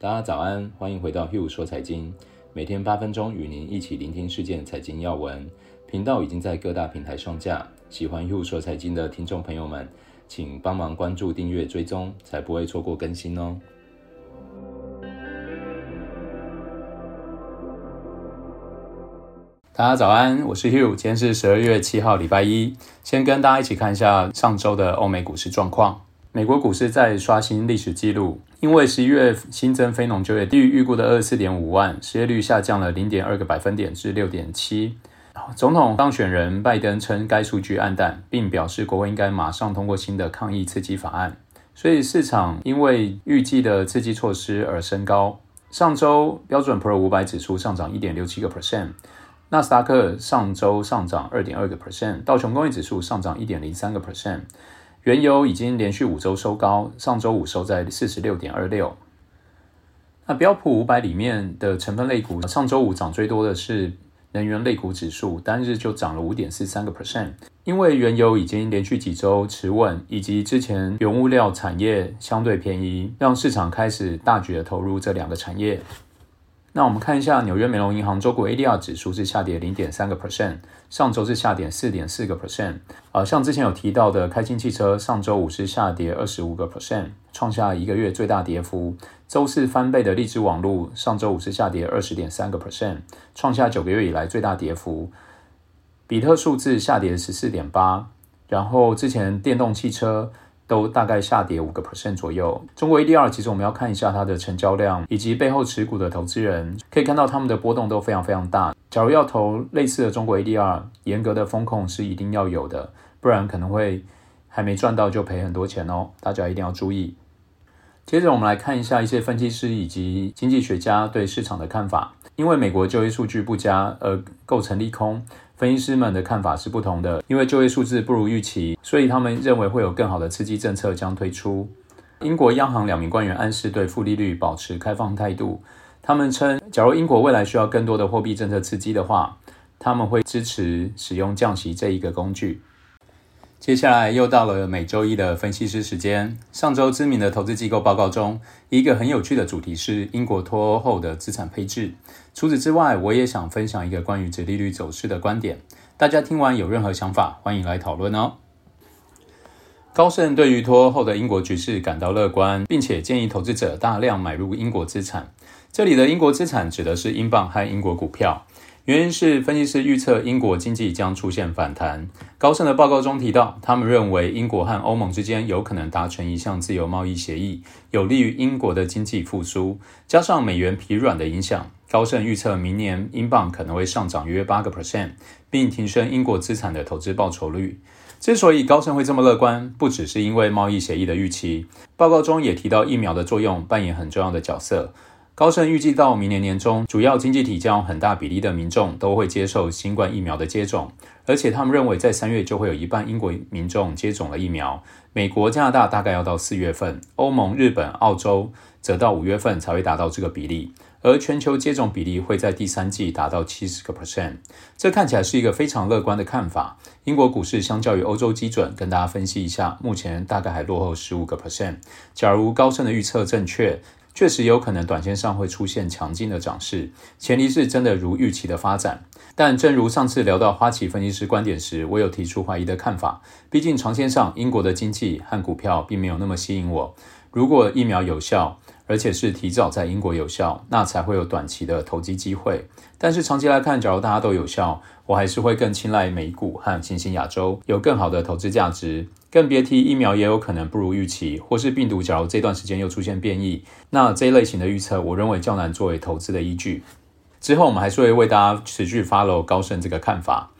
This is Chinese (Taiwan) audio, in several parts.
大家早安，歡迎回到 Hugh 說財經，每天八分鐘與您一起聆聽事件財經要聞。頻道已經在各大平台上架，喜歡 Hugh 說財經的聽眾朋友們，請幫忙關注、訂閱、追蹤，才不會錯過更新哦。大家早安，我是 Hugh，今天是十二月七號，禮拜一。先跟大家一起看一下上週的歐美股市狀況。美國股市在刷新歷史記錄，因為十一月，新增非農就業低於預估的二十四點五萬，失業率下降了零點二個百分點至六點七。總統當選人拜登稱該數據暗淡，並表示國會應該馬上通過新的抗疫刺激法案。所以市場因為預計的刺激措施而升高。上周標準普爾五百指數上漲一點六七個 percent，納斯達克上周上漲二點二個 percent，道瓊工業指數上漲一點零三個 percent。原油已經連續五周收高，上周五收在四十六點二六。那標普五百裡面的成分類股，上周五漲最多的是能源類股指數，單日就漲了五點四三個 percent。因為原油已經連續幾周持穩，以及之前原物料產業相對便宜，讓市場開始大舉的投入這兩個產業。那我們看一下紐約梅隆銀行、中國 ADR 指數是下跌零點三個 percent，上周是下跌四點四個 percent。呃，像之前有提到的，開心汽車上周五是下跌二十五個 percent，創下一個月最大跌幅。周四翻倍的荔枝網路上周五是下跌二十點三個 percent，創下九個月以來最大跌幅。比特數字下跌十四點八，然後之前電動汽車。都大概下跌五個 percent 左右。中國 ADR 其實我們要看一下它的成交量以及背後持股的投資人，可以看到他們的波動都非常非常大。假如要投類似的中國 ADR，嚴格的風控是一定要有的，不然可能會還沒賺到就賠很多錢哦，大家一定要注意。接着我們來看一下一些分析師以及經濟學家對市場的看法，因為美國就業數據不佳，而構成利空。分析師們的看法是不同的，因為就業數字不如預期，所以他們認為會有更好的刺激政策將推出。英國央行兩名官員暗示對負利率保持開放態度，他們稱，假如英國未來需要更多的貨幣政策刺激的話，他們會支持使用降息這一個工具。接下來又到了每周一的分析師時間。上週知名的投資機構報告中，一個很有趣的主題是英國脫歐後的資產配置。除此之外，我也想分享一個關於殖利率走勢的觀點。大家聽完有任何想法，歡迎來討論哦。高盛對於脫歐後的英國局勢感到樂觀，並且建議投資者大量買入英國資產。這裡的英國資產指的是英鎊和英國股票。原因是分析師預測英國經濟將出現反彈。高盛的報告中提到，他們認為英國和歐盟之間有可能達成一項自由貿易協議，有利於英國的經濟復甦。加上美元疲軟的影響，高盛預測明年英鎊可能會上漲約八個 percent，並提升英國資產的投資報酬率。之所以高盛會這麼樂觀，不只是因為貿易協議的預期，報告中也提到疫苗的作用扮演很重要的角色。高盛預計到明年年中，主要經濟體將有很大比例的民眾都會接受新冠疫苗的接種，而且他們認為在三月就會有一半英國民眾接種了疫苗。美國、加拿大大概要到四月份，歐盟、日本、澳洲則到五月份才會達到這個比例，而全球接種比例會在第三季達到七十個 percent。這看起來是一個非常樂觀的看法。英國股市相較於歐洲基準，跟大家分析一下，目前大概還落後十五個 percent。假如高盛的預測正確。確實有可能，短線上會出現強勁的漲勢，前提是真的如預期的發展。但正如上次聊到花旗分析師觀點時，我有提出懷疑的看法。畢竟長線上，英國的經濟和股票並沒有那麼吸引我。如果疫苗有效，而且是提早在英國有效，那才會有短期的投機機會。但是長期來看，假如大家都有效，我還是會更青睞美股和新興亞洲，有更好的投資價值。更別提疫苗也有可能不如預期，或是病毒假如這段時間又出現變異，那這一類型的預測，我認為較難作為投資的依據。之後我們還是會為大家持續 follow 高盛這個看法。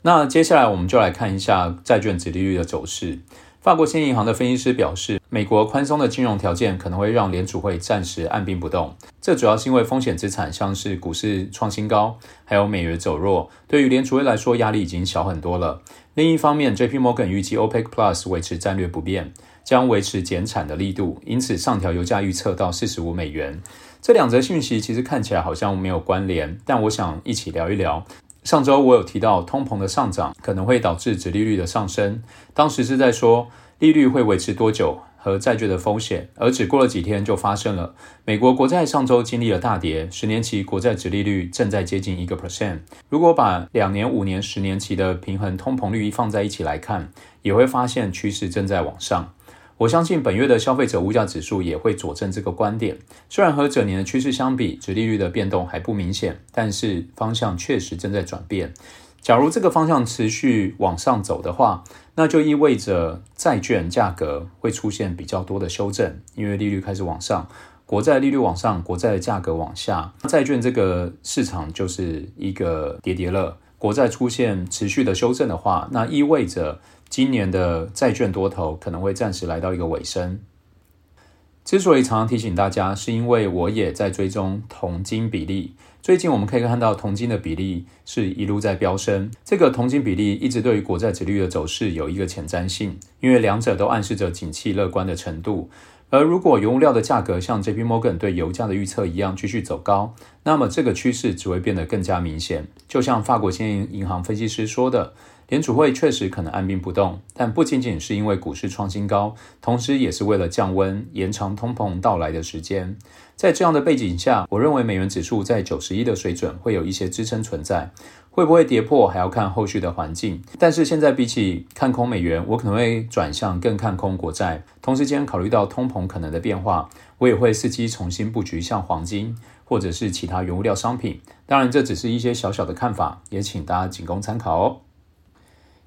那接下來我們就來看一下債券殖利率的走勢。法國興業銀行的分析師表示，美國寬鬆的金融條件可能會讓聯儲會暫時按兵不動。這主要是因為風險資產，像是股市創新高，還有美元走弱，對於聯儲會來說壓力已經小很多了。另一方面，JP Morgan 預計 OPEC Plus 維持戰略不變，將維持減產的力度，因此上調油價預測到四十五美元。這兩則訊息其實看起來好像沒有關聯，但我想一起聊一聊。上周我有提到，通膨的上漲可能會導致殖利率的上升。當時是在說利率會維持多久和債券的風險，而只過了幾天就發生了。美國國債上周經歷了大跌，十年期國債殖利率正在接近一個 percent。如果把兩年、五年、十年期的平衡通膨率放在一起來看，也會發現趨勢正在往上。我相信本月的消費者物價指數也會佐證這個觀點。雖然和整年的趨勢相比，殖利率的變動還不明顯，但是方向確實正在轉變。假如這個方向持續往上走的話，那就意味着債券價格會出現比較多的修正，因為利率開始往上，國債利率往上，國債的價格往下，債券這個市場就是一個疊疊樂。國債出現持續的修正的話，那意味着今年的債券多頭可能會暫時來到一個尾聲。之所以常常提醒大家，是因為我也在追蹤銅金比例。最近我們可以看到，銅金的比例是一路在飆升。這個銅金比例一直對於國債殖利率的走勢有一個前瞻性，因為兩者都暗示着景氣樂觀的程度。而如果原物料的價格像 JP Morgan 對油價的預測一樣，繼續走高，那麼這個趨勢只會變得更加明顯，就像法國興業銀行分析師說的。聯儲會確實可能按兵不動，但不僅僅是因為股市創新高，同時也是為了降溫、延長通膨到來的時間。在這樣的背景下，我認為美元指數在九十一的水準會有一些支撐存在。會不會跌破，還要看後續的環境。但是現在比起看空美元，我可能會轉向更看空國債。同時間，考慮到通膨可能的變化，我也會伺機重新布局，像黃金或者是其他原物料商品。當然，這只是一些小小的看法，也請大家僅供參考哦。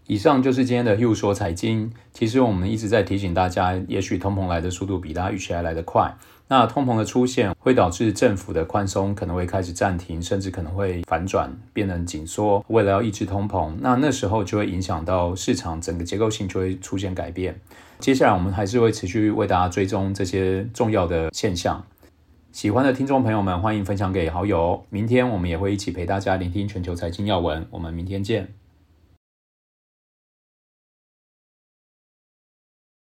以上就是今天的《又說財經》。其實我們一直在提醒大家，也許通膨來的速度比大家預期還來得快。那通膨的出現會導致政府的寬鬆可能會開始暫停，甚至可能會反轉，變得緊縮。為了要抑制通膨，那那時候就會影響到市場整個結構性就會出現改變。接下來我們還是會持續為大家追蹤這些重要的現象。喜歡的聽眾朋友們，歡迎分享給好友。明天我們也會一起陪大家聆聽全球財經要聞。我們明天見。